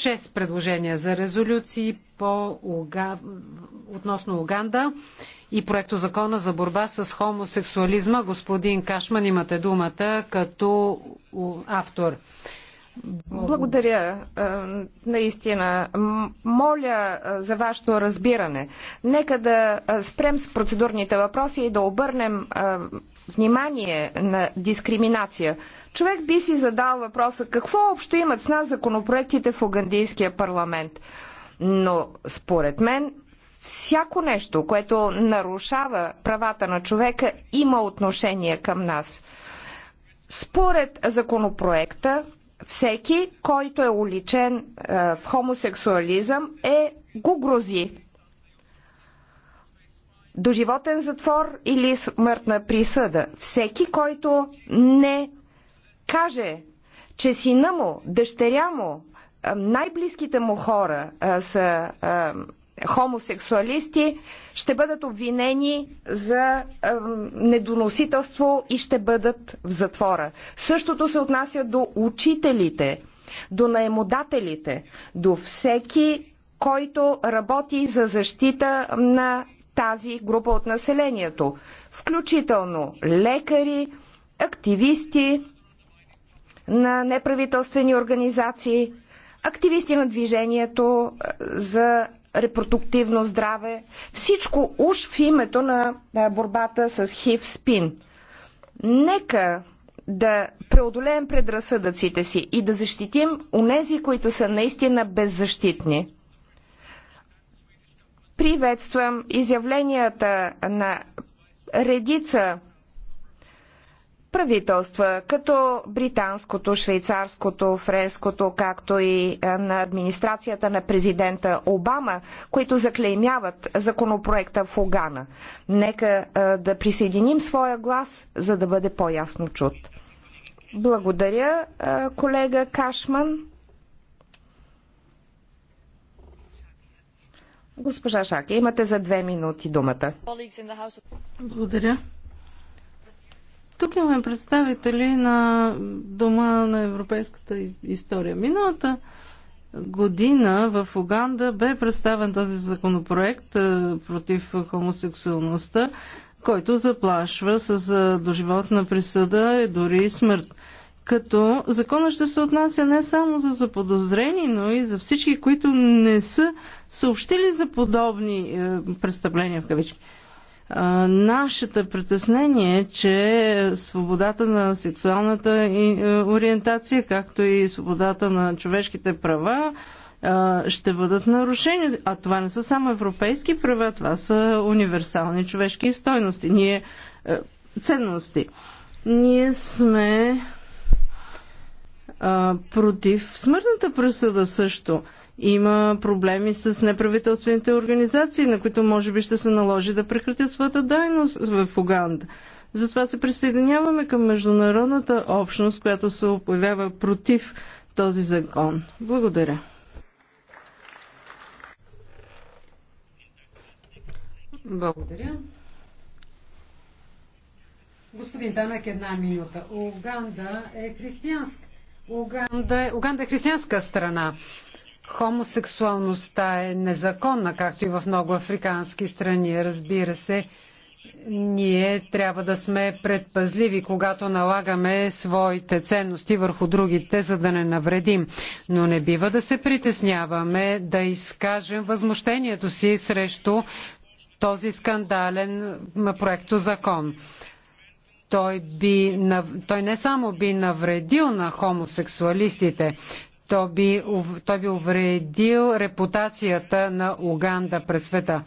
Шест предложения за резолюции по Уга... относно Уганда и проекто закона за борба с хомосексуализма. Господин Кашман, имате думата като автор. Благодаря. Е, наистина. Моля е, за вашето разбиране. Нека да е, спрем с процедурните въпроси и да обърнем внимание на дискриминация, човек би си задал въпроса какво общо имат с нас законопроектите в Угандийския парламент. Но според мен всяко нещо, което нарушава правата на човека, има отношение към нас. Според законопроекта, всеки, който е уличен е, в хомосексуализъм, е го грози доживотен затвор или смъртна присъда. Всеки, който не каже, че сина му, дъщеря му, най-близките му хора а, са а, хомосексуалисти, ще бъдат обвинени за а, недоносителство и ще бъдат в затвора. Същото се отнася до учителите, до наемодателите, до всеки, който работи за защита на тази група от населението, включително лекари, активисти на неправителствени организации, активисти на движението е, за репродуктивно здраве, всичко уж в името на борбата с хив спин. Нека да преодолеем предразсъдъците си и да защитим онези, които са наистина беззащитни. Приветствам изявленията на редица правителства, като британското, швейцарското, френското, както и на администрацията на президента Обама, които заклеймяват законопроекта в Огана. Нека да присъединим своя глас, за да бъде по-ясно чут. Благодаря, колега Кашман. Госпожа Шаки, имате за две минути думата. Благодаря. Тук имаме представители на Дома на европейската история. Миналата година в Уганда бе представен този законопроект е, против хомосексуалността, който заплашва с е, доживотна присъда и дори смърт като закона ще се отнася не само за заподозрени, но и за всички, които не са съобщили за подобни е, престъпления в кавички. Е, нашата притеснение е, че свободата на сексуалната е, ориентация, както и свободата на човешките права, е, ще бъдат нарушени. А това не са само европейски права, това са универсални човешки стойности. Ние е, ценности. Ние сме а, против смъртната присъда също. Има проблеми с неправителствените организации, на които може би ще се наложи да прекратят своята дайност в Уганда. Затова се присъединяваме към международната общност, която се появява против този закон. Благодаря. Благодаря. Господин Танък, една минута. Уганда е християнска Уганда, Уганда е християнска страна. Хомосексуалността е незаконна, както и в много африкански страни. Разбира се, ние трябва да сме предпазливи, когато налагаме своите ценности върху другите, за да не навредим. Но не бива да се притесняваме да изкажем възмущението си срещу този скандален проектозакон. закон той, би, той не само би навредил на хомосексуалистите, той би, той би увредил репутацията на Уганда пред света.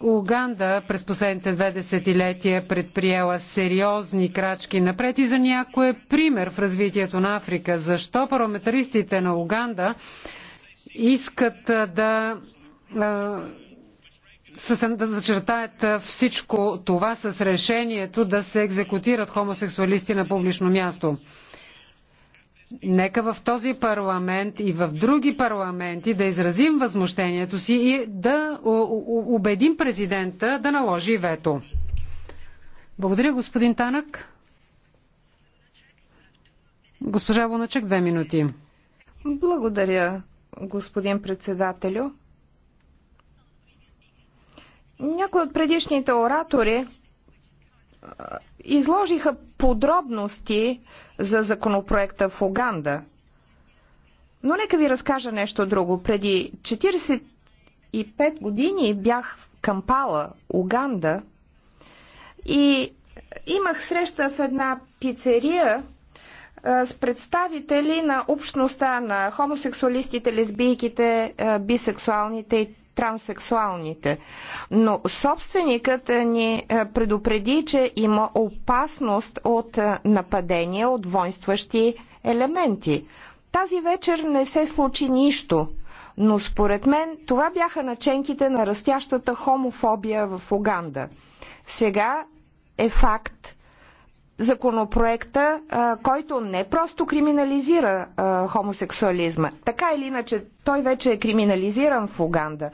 Уганда през последните две десетилетия предприела сериозни крачки напред и за някой е пример в развитието на Африка. Защо парламентаристите на Уганда искат да да зачертаят всичко това с решението да се екзекутират хомосексуалисти на публично място. Нека в този парламент и в други парламенти да изразим възмущението си и да убедим президента да наложи вето. Благодаря, господин Танък. Госпожа Луначек, две минути. Благодаря, господин председателю. Някои от предишните оратори изложиха подробности за законопроекта в Уганда. Но нека ви разкажа нещо друго. Преди 45 години бях в Кампала, Уганда, и имах среща в една пицерия с представители на общността на хомосексуалистите, лесбийките, бисексуалните и транссексуалните. Но собственикът е, ни е, предупреди, че има опасност от е, нападения от воинстващи елементи. Тази вечер не се случи нищо, но според мен това бяха наченките на растящата хомофобия в Уганда. Сега е факт, законопроекта, който не просто криминализира хомосексуализма. Така или иначе, той вече е криминализиран в Уганда,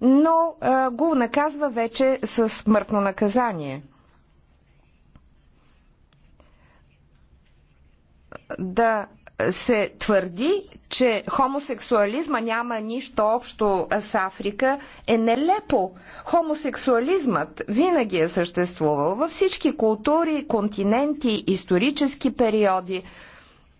но го наказва вече с смъртно наказание. Да се твърди, че хомосексуализма няма нищо общо с Африка, е нелепо. Хомосексуализмът винаги е съществувал във всички култури, континенти, исторически периоди.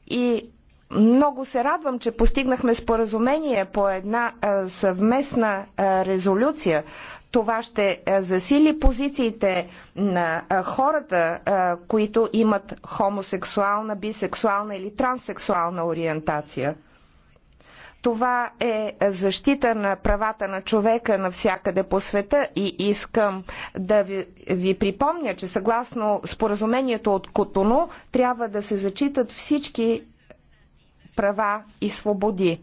И много се радвам, че постигнахме споразумение по една а, съвместна а, резолюция. Това ще а, засили позициите на а, хората, а, които имат хомосексуална, бисексуална или транссексуална ориентация. Това е защита на правата на човека навсякъде по света и искам да ви, ви припомня, че съгласно споразумението от Котоно трябва да се зачитат всички права и свободи.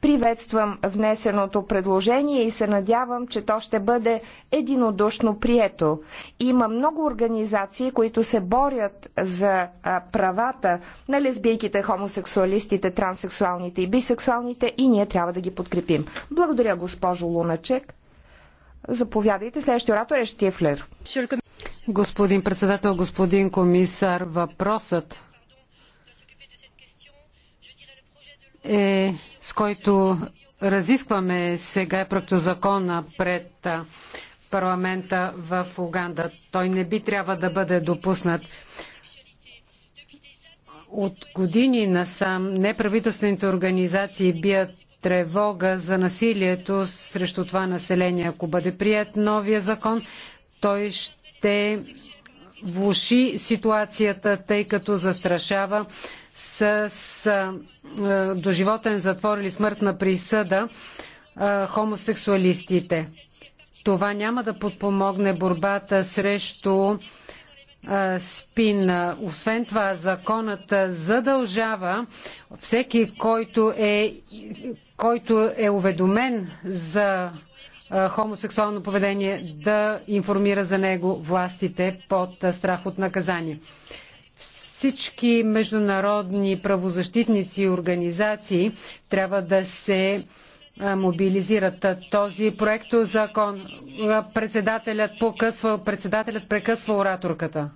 Приветствам внесеното предложение и се надявам, че то ще бъде единодушно прието. Има много организации, които се борят за правата на лесбийките, хомосексуалистите, транссексуалните и бисексуалните и ние трябва да ги подкрепим. Благодаря, госпожо Луначек. Заповядайте. Следващия оратор е Штифлер. Господин председател, господин комисар, въпросът е, с който разискваме сега е проектозакона пред парламента в Уганда. Той не би трябва да бъде допуснат. От години насам неправителствените организации бият тревога за насилието срещу това население. Ако бъде прият новия закон, той ще влуши ситуацията, тъй като застрашава с доживотен затвор или смъртна присъда хомосексуалистите. Това няма да подпомогне борбата срещу спин. Освен това, законът задължава всеки, който е, който е уведомен за хомосексуално поведение, да информира за него властите под страх от наказание всички международни правозащитници и организации трябва да се мобилизират този проект закон. Председателят, покъсва, председателят прекъсва ораторката.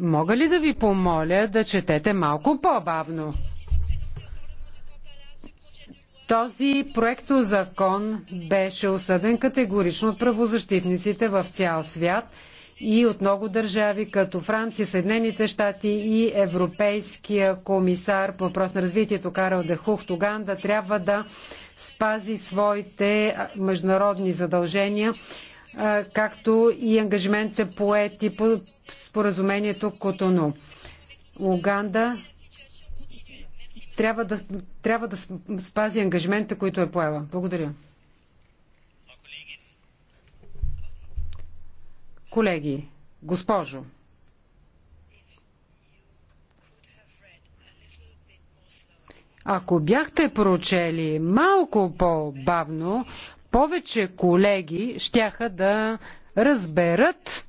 Мога ли да ви помоля да четете малко по-бавно? Този закон беше осъден категорично от правозащитниците в цял свят – и от много държави, като Франция, Съединените щати и Европейския комисар по въпрос на развитието де Дехухт. Уганда трябва да спази своите международни задължения, както и ангажиментите поети по споразумението Котону. Уганда трябва да, трябва да спази ангажиментите, които е поела. Благодаря. Колеги, госпожо, ако бяхте прочели малко по-бавно, повече колеги щяха да разберат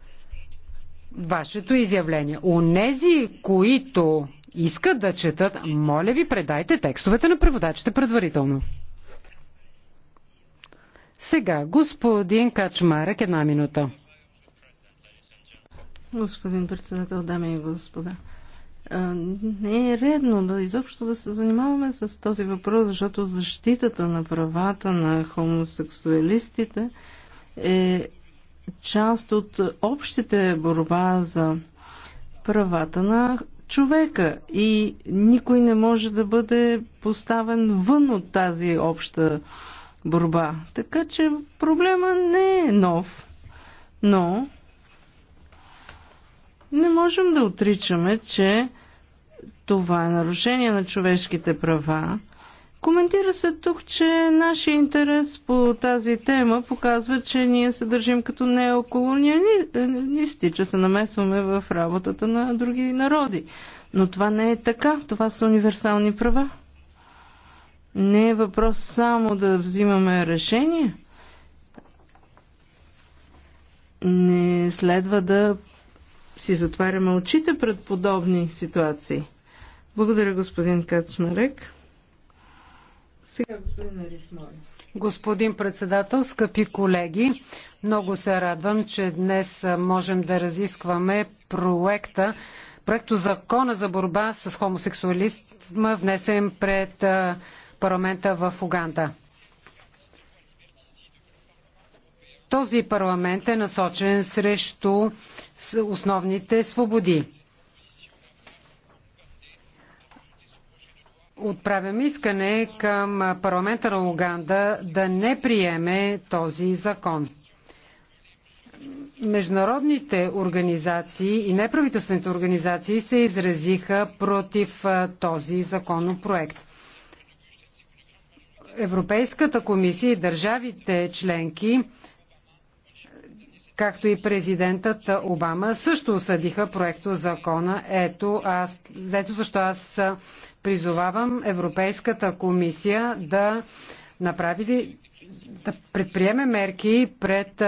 вашето изявление. Онези, които искат да четат, моля ви, предайте текстовете на преводачите предварително. Сега, господин Качмарък, една минута. Господин председател, дами и господа. Не е редно да изобщо да се занимаваме с този въпрос, защото защитата на правата на хомосексуалистите е част от общите борба за правата на човека и никой не може да бъде поставен вън от тази обща борба. Така че проблема не е нов, но не можем да отричаме, че това е нарушение на човешките права. Коментира се тук, че нашия интерес по тази тема показва, че ние се държим като неоколониалисти, че се намесваме в работата на други народи. Но това не е така. Това са универсални права. Не е въпрос само да взимаме решения. Не следва да си затваряме очите пред подобни ситуации. Благодаря, господин Кацмарек. Сега господин Ариф, моля. Господин председател, скъпи колеги, много се радвам, че днес можем да разискваме проекта, проекто закона за борба с хомосексуалист, внесен пред парламента в Уганда. Този парламент е насочен срещу основните свободи. Отправям искане към парламента на Уганда да не приеме този закон. Международните организации и неправителствените организации се изразиха против този законопроект. Европейската комисия и държавите членки както и президентът Обама също осъдиха проекто закона. Ето, аз, ето защо аз призовавам Европейската комисия да направи да предприеме мерки пред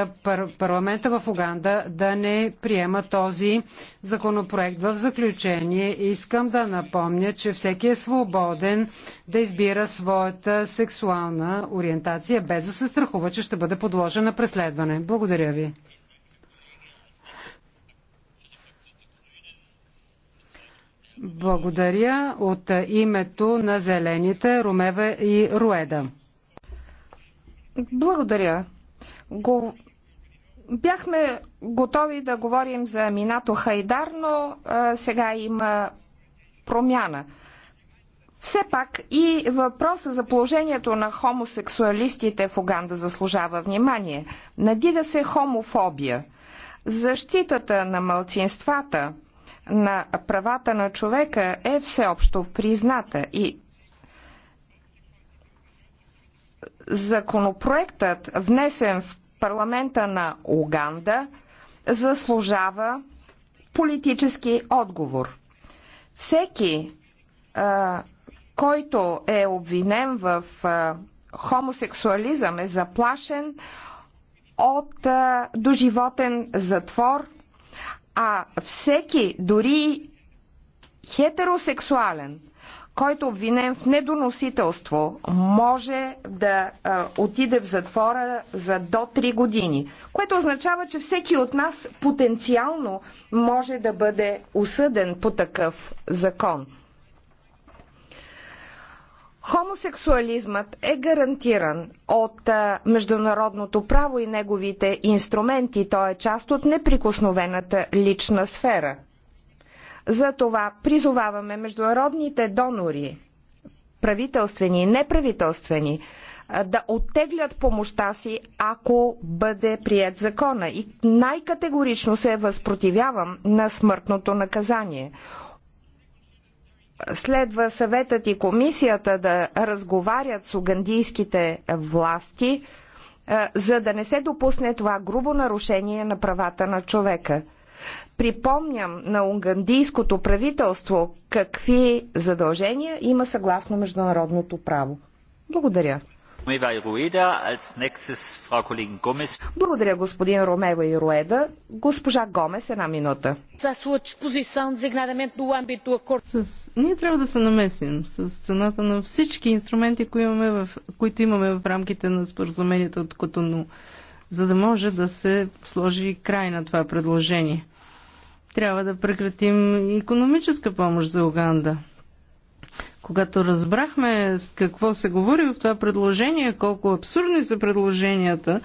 парламента в Уганда да не приема този законопроект. В заключение искам да напомня, че всеки е свободен да избира своята сексуална ориентация, без да се страхува, че ще бъде подложен на преследване. Благодаря ви. Благодаря от името на зелените Румева и Руеда. Благодаря. Го... Бяхме готови да говорим за Минато Хайдар, но а, сега има промяна. Все пак и въпроса за положението на хомосексуалистите в Уганда заслужава внимание. Надига се хомофобия. Защитата на малцинствата – на правата на човека е всеобщо призната и законопроектът, внесен в парламента на Уганда, заслужава политически отговор. Всеки, а, който е обвинен в а, хомосексуализъм, е заплашен от а, доживотен затвор а всеки, дори хетеросексуален, който е обвинен в недоносителство, може да а, отиде в затвора за до 3 години, което означава, че всеки от нас потенциално може да бъде осъден по такъв закон. Хомосексуализмът е гарантиран от международното право и неговите инструменти. Той е част от неприкосновената лична сфера. Затова призоваваме международните донори, правителствени и неправителствени, да оттеглят помощта си, ако бъде прият закона. И най-категорично се възпротивявам на смъртното наказание следва съветът и комисията да разговарят с угандийските власти, е, за да не се допусне това грубо нарушение на правата на човека. Припомням на угандийското правителство какви задължения има съгласно международното право. Благодаря. Благодаря, господин Ромева и Руеда. Госпожа Гомес, една минута. С... Ние трябва да се намесим с цената на всички инструменти, които имаме в, които имаме в рамките на споразумението от Котону, за да може да се сложи край на това предложение. Трябва да прекратим економическа помощ за Уганда. Когато разбрахме какво се говори в това предложение, колко абсурдни са предложенията,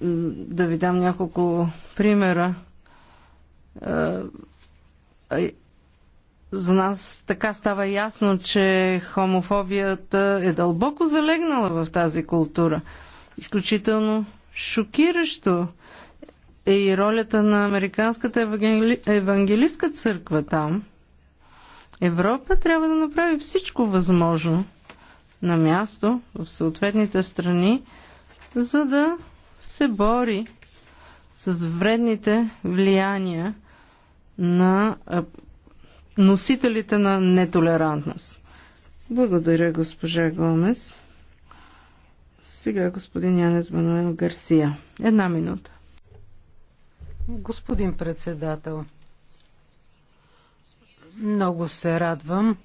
да ви дам няколко примера. Е, за нас така става ясно, че хомофобията е дълбоко залегнала в тази култура. Изключително шокиращо е и ролята на Американската евангели... евангелистка църква там. Европа трябва да направи всичко възможно на място в съответните страни, за да се бори с вредните влияния на носителите на нетолерантност. Благодаря, госпожа Гомес. Сега господин Янес Мануел Гарсия. Една минута. Господин председател, много се радвам,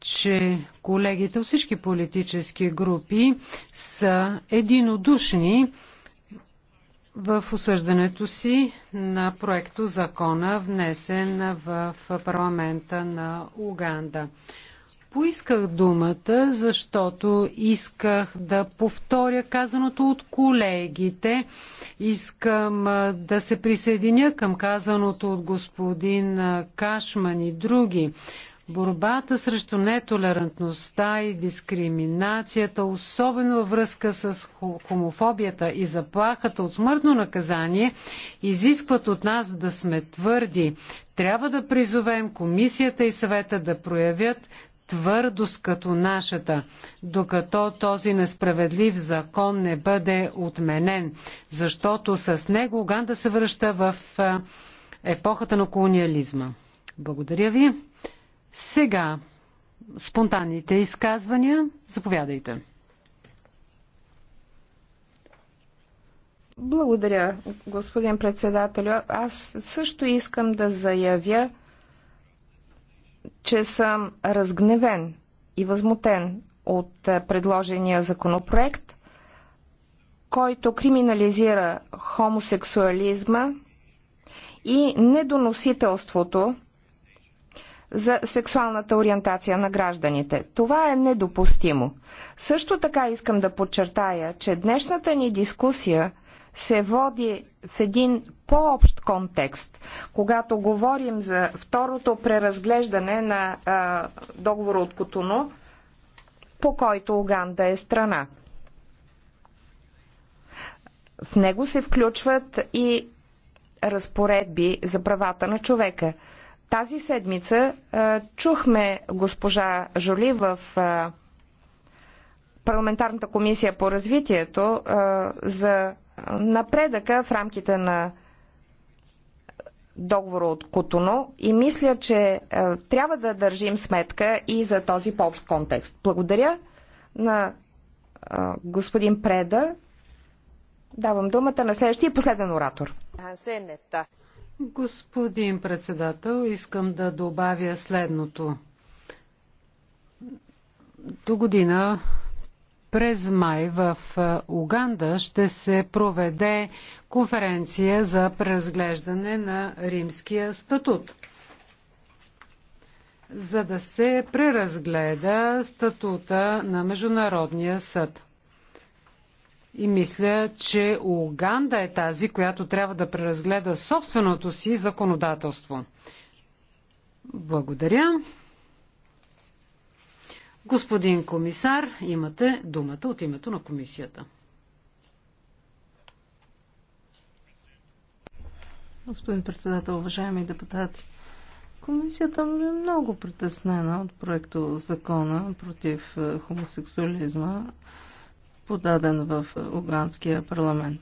че колегите от всички политически групи са единодушни в осъждането си на проекто закона, внесен в парламента на Уганда. Поисках думата, защото исках да повторя казаното от колегите. Искам да се присъединя към казаното от господин Кашман и други. Борбата срещу нетолерантността и дискриминацията, особено във връзка с хомофобията и заплахата от смъртно наказание, изискват от нас да сме твърди. Трябва да призовем комисията и съвета да проявят твърдост като нашата, докато този несправедлив закон не бъде отменен, защото с него Уганда се връща в епохата на колониализма. Благодаря ви. Сега спонтанните изказвания. Заповядайте. Благодаря, господин председател. Аз също искам да заявя, че съм разгневен и възмутен от е, предложения законопроект, който криминализира хомосексуализма и недоносителството за сексуалната ориентация на гражданите. Това е недопустимо. Също така искам да подчертая, че днешната ни дискусия се води в един по-общ контекст, когато говорим за второто преразглеждане на а, договора от Котуно, по който Уганда е страна. В него се включват и разпоредби за правата на човека. Тази седмица а, чухме госпожа Жоли в а, парламентарната комисия по развитието а, за напредъка в рамките на договора от Кутуно, и мисля, че е, трябва да държим сметка и за този по-общ контекст. Благодаря на е, господин Преда. Давам думата на следващия последен оратор. Господин председател, искам да добавя следното. До година през май в е, Уганда ще се проведе конференция за преразглеждане на римския статут за да се преразгледа статута на Международния съд. И мисля, че Уганда е тази, която трябва да преразгледа собственото си законодателство. Благодаря. Господин комисар, имате думата от името на комисията. Господин председател, уважаеми депутати, комисията ми е много притеснена от проекто закона против е, хомосексуализма, подаден в е, Уганския парламент.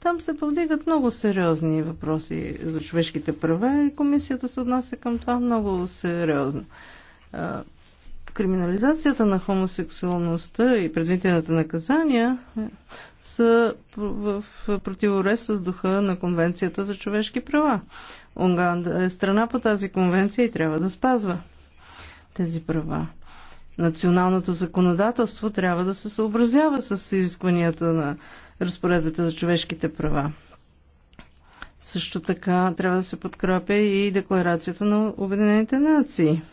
Там се повдигат много сериозни въпроси за човешките права и комисията се отнася към това много сериозно. Е, криминализацията на хомосексуалността и предвидената наказания са в противорез с духа на Конвенцията за човешки права. Унганда е страна по тази конвенция и трябва да спазва тези права. Националното законодателство трябва да се съобразява с изискванията на разпоредбата за човешките права. Също така трябва да се подкрепя и декларацията на Обединените нации –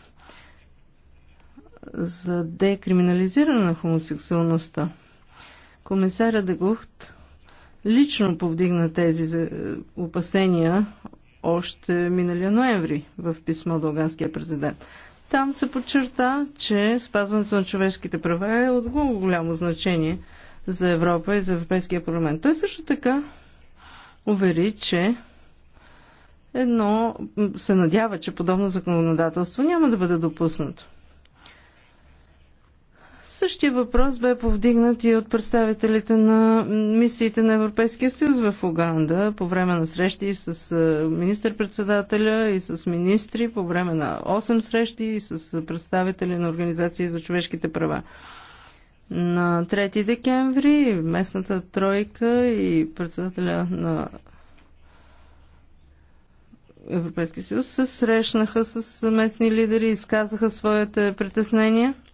за декриминализиране на хомосексуалността. Комисаря Дегухт лично повдигна тези е, опасения още миналия ноември в писмо до Луганския президент. Там се подчерта, че спазването на човешките права е от голямо значение за Европа и за Европейския парламент. Той също така увери, че едно се надява, че подобно законодателство няма да бъде допуснато. Същия въпрос бе повдигнат и от представителите на мисиите на Европейския съюз в Уганда по време на срещи и с министър-председателя и с министри, по време на 8 срещи и с представители на Организации за човешките права. На 3 декември местната тройка и председателя на Европейския съюз се срещнаха с местни лидери, и изказаха своите притеснения –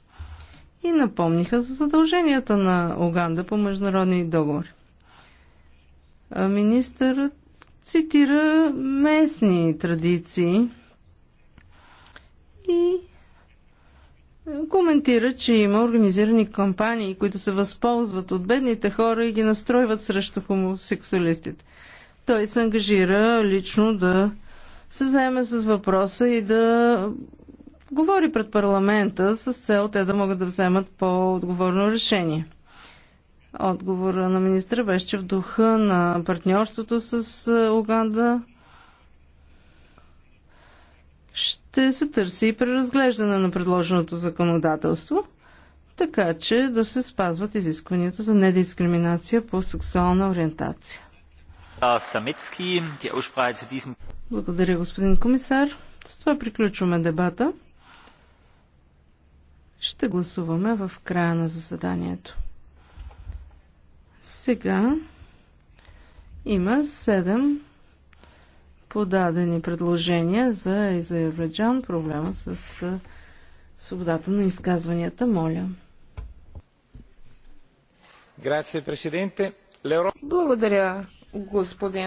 и напомниха за задълженията на Оганда по международни договори. Министърът цитира местни традиции и е, коментира, че има организирани кампании, които се възползват от бедните хора и ги настройват срещу хомосексуалистите. Той се ангажира лично да се заеме с въпроса и да говори пред парламента с цел те да могат да вземат по-отговорно решение. Отговора на министра беше, че в духа на партньорството с е, Уганда ще се търси и преразглеждане на предложеното законодателство, така че да се спазват изискванията за недискриминация по сексуална ориентация. Благодаря, господин комисар. С това приключваме дебата ще гласуваме в края на заседанието. Сега има 7 подадени предложения за Изаербайджан, проблема с свободата на изказванията. Моля. Благодаря, господин